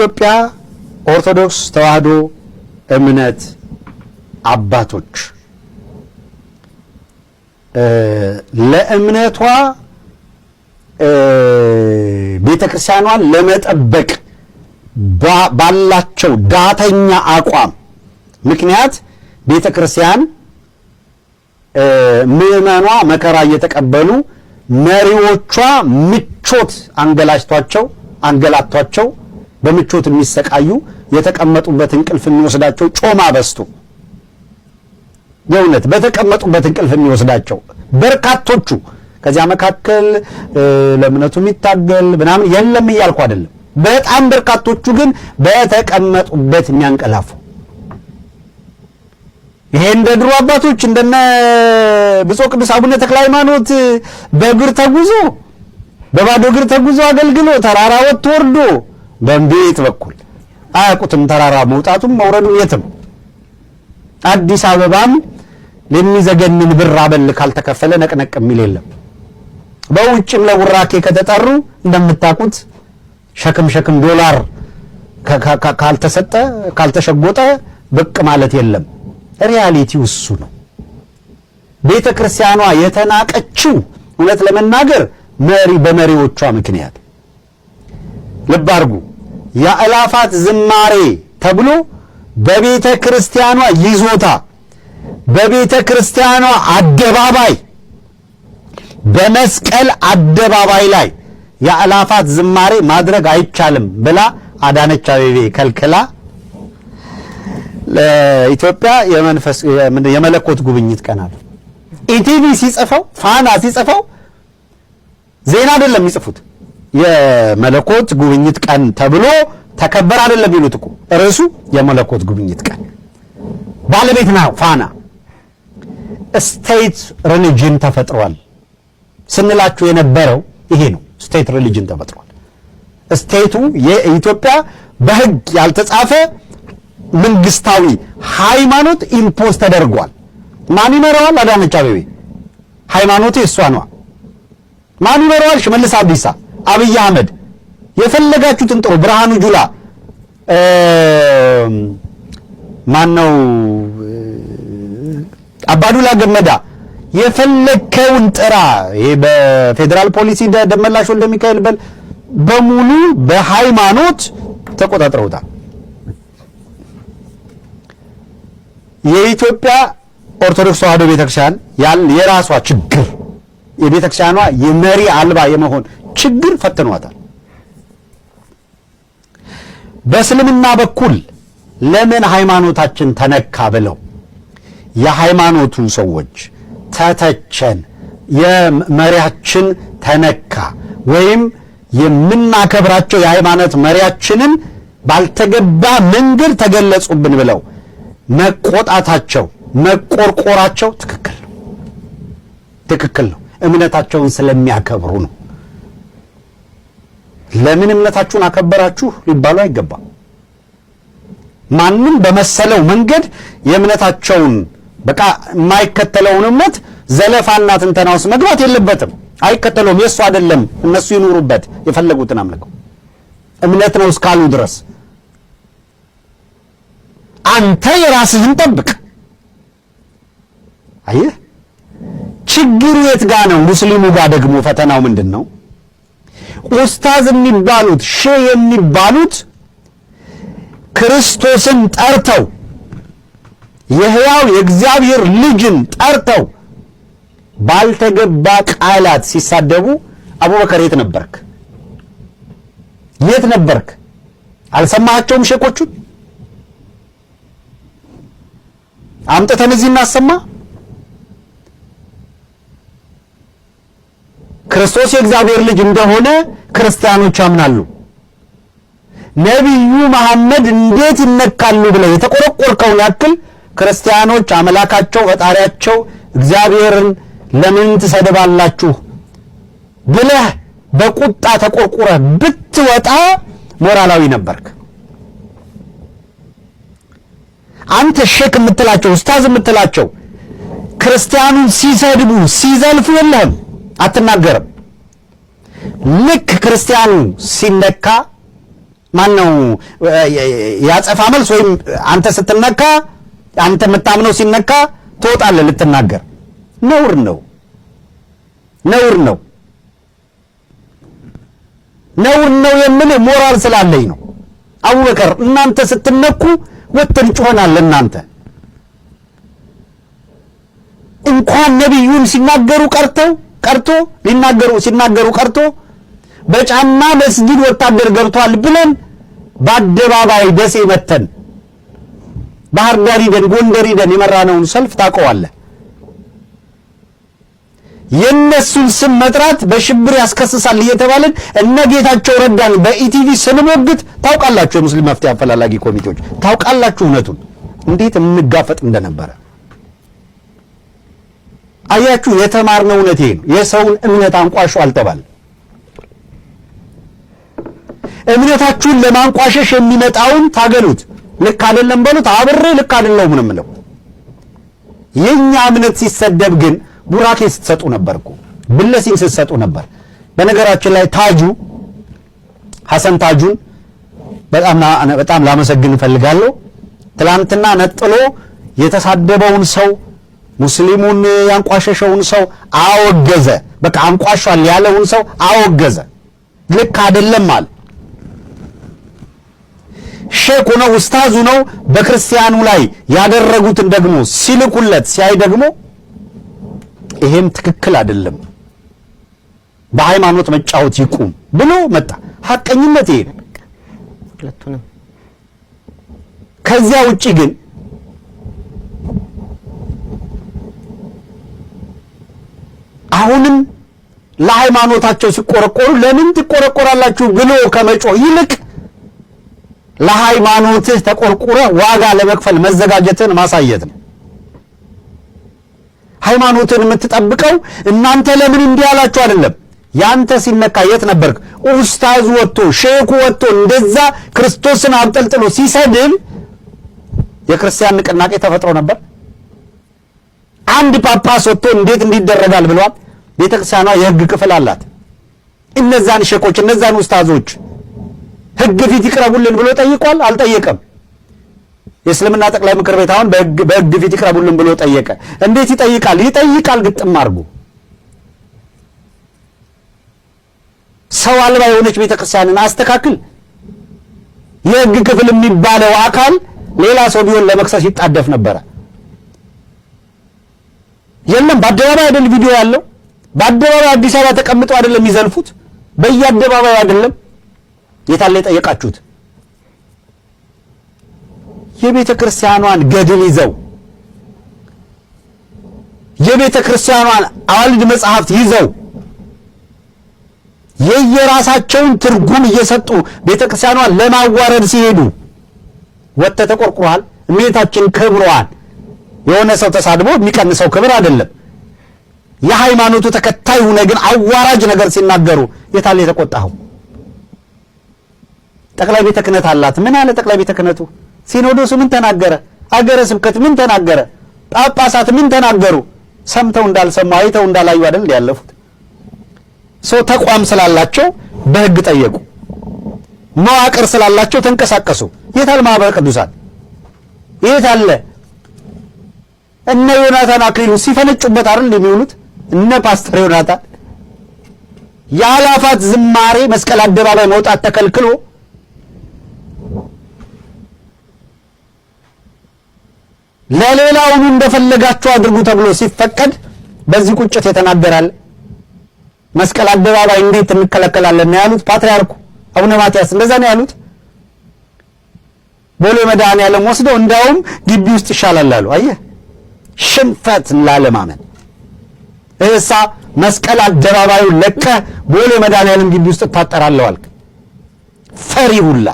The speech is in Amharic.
የኢትዮጵያ ኦርቶዶክስ ተዋህዶ እምነት አባቶች ለእምነቷ ቤተ ክርስቲያኗን ለመጠበቅ ባላቸው ዳተኛ አቋም ምክንያት ቤተ ክርስቲያን ምዕመኗ መከራ እየተቀበሉ መሪዎቿ ምቾት አንገላጅቷቸው አንገላቷቸው በምቾት የሚሰቃዩ የተቀመጡበት እንቅልፍ የሚወስዳቸው ጮማ በስቱ የእውነት በተቀመጡበት እንቅልፍ የሚወስዳቸው በርካቶቹ ከዚያ መካከል ለእምነቱ የሚታገል ምናምን የለም እያልኩ አይደለም። በጣም በርካቶቹ ግን በተቀመጡበት የሚያንቀላፉ ይሄ እንደ ድሮ አባቶች እንደነ ብፁዕ ቅዱስ አቡነ ተክለ ሃይማኖት በእግር ተጉዞ በባዶ እግር ተጉዞ አገልግሎ ተራራ ወጥቶ ወርዶ በእምቤት በኩል አያውቁትም። ተራራ መውጣቱም መውረዱ የትም አዲስ አበባም ለሚዘገንን ብር አበል ካልተከፈለ ነቅነቅ የሚል የለም። በውጭም ለቡራኬ ከተጠሩ እንደምታውቁት ሸክም ሸክም ዶላር ካልተሰጠ ካልተሸጎጠ ብቅ ማለት የለም። ሪያሊቲው እሱ ነው። ቤተ ክርስቲያኗ የተናቀችው እውነት ለመናገር መሪ በመሪዎቿ ምክንያት ልብ አድርጉ። የዕላፋት ዝማሬ ተብሎ በቤተ ክርስቲያኗ ይዞታ በቤተ ክርስቲያኗ አደባባይ በመስቀል አደባባይ ላይ የዕላፋት ዝማሬ ማድረግ አይቻልም ብላ አዳነች አቤቤ ከልክላ ለኢትዮጵያ የመንፈስ የመለኮት ጉብኝት ቀናል። ኢቲቪ ሲጽፈው ፋና ሲጽፈው ዜና አይደለም የሚጽፉት የመለኮት ጉብኝት ቀን ተብሎ ተከበር አይደለም ይሉት እኮ ርዕሱ የመለኮት ጉብኝት ቀን ባለቤት ነው ፋና ስቴት ሪሊጅን ተፈጥሯል ስንላችሁ የነበረው ይሄ ነው። ስቴት ሪሊጅን ተፈጥሯል። ስቴቱ የኢትዮጵያ በህግ ያልተጻፈ መንግስታዊ ሃይማኖት ኢምፖዝ ተደርጓል። ማን ይመራዋል? አዳነች አቤቤ። ሃይማኖቴ እሷ ነዋ። ማን ይመራዋል? ሽመልስ አብዲሳ አብይ አህመድ የፈለጋችሁትን ጥሩ፣ ብርሃኑ ጁላ ማን ነው? አባዱላ ገመዳ የፈለከው ጥራ። ይሄ በፌዴራል ፖሊሲ ደመላሽ ወልደ ሚካኤል በል በሙሉ በሃይማኖት ተቆጣጥረውታል። የኢትዮጵያ ኦርቶዶክስ ተዋህዶ ቤተክርስቲያን የራሷ ችግር የቤተክርስቲያኗ የመሪ አልባ የመሆን ችግር ፈትኗታል። በእስልምና በኩል ለምን ሃይማኖታችን ተነካ ብለው የሃይማኖቱ ሰዎች ተተቸን፣ የመሪያችን ተነካ ወይም የምናከብራቸው የሃይማኖት መሪያችንን ባልተገባ መንገድ ተገለጹብን ብለው መቆጣታቸው መቆርቆራቸው ትክክል ነው፣ ትክክል ነው። እምነታቸውን ስለሚያከብሩ ነው። ለምን እምነታችሁን አከበራችሁ ሊባሉ አይገባም። ማንም በመሰለው መንገድ የእምነታቸውን በቃ የማይከተለውን እምነት ዘለፋና ትንተና ውስጥ መግባት የለበትም። አይከተለውም። የእሱ አይደለም። እነሱ ይኑሩበት የፈለጉትን አምልከው እምነት ነው እስካሉ ድረስ አንተ የራስህን ጠብቅ። አየህ ችግር የት ጋ ነው? ሙስሊሙ ጋር ደግሞ ፈተናው ምንድን ነው? ኡስታዝ የሚባሉት ሼህ የሚባሉት ክርስቶስን ጠርተው የሕያው የእግዚአብሔር ልጅን ጠርተው ባልተገባ ቃላት ሲሳደቡ አቡበከር የት ነበርክ? የት ነበርክ? አልሰማሃቸውም? ሼኮቹን አምጥተን እዚህ እናሰማ። ክርስቶስ የእግዚአብሔር ልጅ እንደሆነ ክርስቲያኖች ያምናሉ። ነቢዩ መሐመድ እንዴት ይነካሉ ብለ የተቆረቆርከውን ያክል ክርስቲያኖች አምላካቸው ፈጣሪያቸው እግዚአብሔርን ለምን ትሰድባላችሁ ብለህ በቁጣ ተቆርቁረህ ብትወጣ ሞራላዊ ነበርክ። አንተ ሼክ የምትላቸው ኡስታዝ የምትላቸው ክርስቲያኑን ሲሰድቡ ሲዘልፉ የለህም። አትናገርም። ልክ ክርስቲያኑ ሲነካ ማን ነው ያጸፋ መልስ? ወይም አንተ ስትነካ አንተ የምታምነው ሲነካ ትወጣለህ ልትናገር። ነውር ነው፣ ነውር ነው፣ ነውር ነው የምልህ ሞራል ስላለኝ ነው። አቡበከር እናንተ ስትነኩ ወጥተን ጮሆናል። እናንተ እንኳን ነቢዩን ሲናገሩ ቀርተው ቀርቶ ሊናገሩ ሲናገሩ ቀርቶ በጫማ መስጊድ ወታደር ገብቷል ብለን በአደባባይ ደሴ መተን ባህር ዳር ሂደን ጎንደር ሂደን የመራነውን ሰልፍ ታውቀዋለህ። የእነሱን ስም መጥራት በሽብር ያስከስሳል እየተባለን እነ ጌታቸው ረዳን በኢቲቪ ስንሞግት ታውቃላችሁ። የሙስሊም መፍትሄ አፈላላጊ ኮሚቴዎች ታውቃላችሁ እውነቱን እንዴት እንጋፈጥ እንደነበረ አያችሁ፣ የተማርነው እውነት ነው። የሰውን እምነት አንቋሹ አልተባል። እምነታችሁን ለማንቋሸሽ የሚመጣውን ታገሉት። ልክ አይደለም በሉት፣ አብሬ ልክ አይደለሁም ነው የምለው። የኛ እምነት ሲሰደብ ግን ቡራኬ ስትሰጡ ነበር እኮ ብለሲን ስትሰጡ ነበር። በነገራችን ላይ ታጁ ሐሰን ታጁን በጣም በጣም ላመሰግን እፈልጋለሁ። ትላንትና ነጥሎ የተሳደበውን ሰው ሙስሊሙን ያንቋሸሸውን ሰው አወገዘ። በቃ አንቋሿል ያለውን ሰው አወገዘ። ልክ አይደለም አለ። ሼኩ ነው ኡስታዙ ነው በክርስቲያኑ ላይ ያደረጉትን ደግሞ ሲልኩለት ሲያይ ደግሞ ይሄም ትክክል አይደለም፣ በሃይማኖት መጫወት ይቁም ብሎ መጣ። ሀቀኝነት ይሄ ከዚያ ውጪ ግን አሁንም ለሃይማኖታቸው ሲቆረቆሩ ለምን ትቆረቆራላችሁ ብሎ ከመጮህ ይልቅ ለሃይማኖትህ ተቆርቁረ ዋጋ ለመክፈል መዘጋጀትን ማሳየት ነው። ሃይማኖትን የምትጠብቀው እናንተ ለምን እንዲህ አላችሁ አይደለም። ያንተ ሲነካ የት ነበርክ? ኡስታዝ ወጥቶ ሼኩ ወጥቶ እንደዛ ክርስቶስን አንጠልጥሎ ሲሰድብ የክርስቲያን ንቅናቄ ተፈጥሮ ነበር? አንድ ጳጳስ ወጥቶ እንዴት እንዲደረጋል ብለዋል። ቤተክርስቲያኗ የህግ ክፍል አላት። እነዛን ሼኮች እነዛን ውስታዞች ህግ ፊት ይቅረቡልን ብሎ ጠይቋል? አልጠየቀም። የእስልምና ጠቅላይ ምክር ቤት አሁን በህግ ፊት ይቅረቡልን ብሎ ጠየቀ። እንዴት ይጠይቃል? ይጠይቃል ግጥም አድርጎ። ሰው አልባ የሆነች ቤተክርስቲያንን አስተካክል። የህግ ክፍል የሚባለው አካል ሌላ ሰው ቢሆን ለመክሰስ ይጣደፍ ነበረ። የለም በአደባባይ አይደል ቪዲዮ ያለው በአደባባይ አዲስ አበባ ተቀምጠው አይደለም የሚዘልፉት፣ በየአደባባዩ አይደለም። የታለ የጠየቃችሁት? የቤተ ክርስቲያኗን ገድል ይዘው የቤተ ክርስቲያኗን አዋልድ መጽሐፍት ይዘው የየራሳቸውን ትርጉም እየሰጡ ቤተ ክርስቲያኗን ለማዋረድ ሲሄዱ ወጥተ ተቆርቁሯል። እመቤታችን ክብሯን የሆነ ሰው ተሳድቦ የሚቀንሰው ክብር አይደለም። የሃይማኖቱ ተከታይ ሁነ ግን አዋራጅ ነገር ሲናገሩ የታለ የተቆጣኸው? ጠቅላይ ቤተ ክህነት አላት። ምን አለ ጠቅላይ ቤተ ክህነቱ? ሲኖዶሱ ምን ተናገረ? አገረ ስብከት ምን ተናገረ? ጳጳሳት ምን ተናገሩ? ሰምተው እንዳልሰሙ አይተው እንዳላዩ አይደል ያለፉት። ሰው ተቋም ስላላቸው በህግ ጠየቁ። መዋቅር ስላላቸው ተንቀሳቀሱ። የታል ማህበረ ቅዱሳን? አለ? እነ ዮናታን አክሊሉ ሲፈነጩበት አይደል የሚውሉት? እነ ፓስተር ዮናታን የአላፋት ዝማሬ መስቀል አደባባይ መውጣት ተከልክሎ ለሌላውኑ እንደፈለጋችሁ አድርጉ ተብሎ ሲፈቀድ በዚህ ቁጭት የተናገራል። መስቀል አደባባይ እንዴት እንከለከላለን ነው ያሉት ፓትርያርኩ አቡነ ማትያስ። እንደዛ ነው ያሉት። ቦሌ መድኃኔዓለም ወስደው እንዳውም ግቢ ውስጥ ይሻላል አሉ። አየህ፣ ሽንፈት ላለማመን እሳ መስቀል አደባባዩ ለቀህ ቦሌ መድኃኒዓለም ግቢ ውስጥ እታጠራለሁ አልክ። ፈሪ ሁላ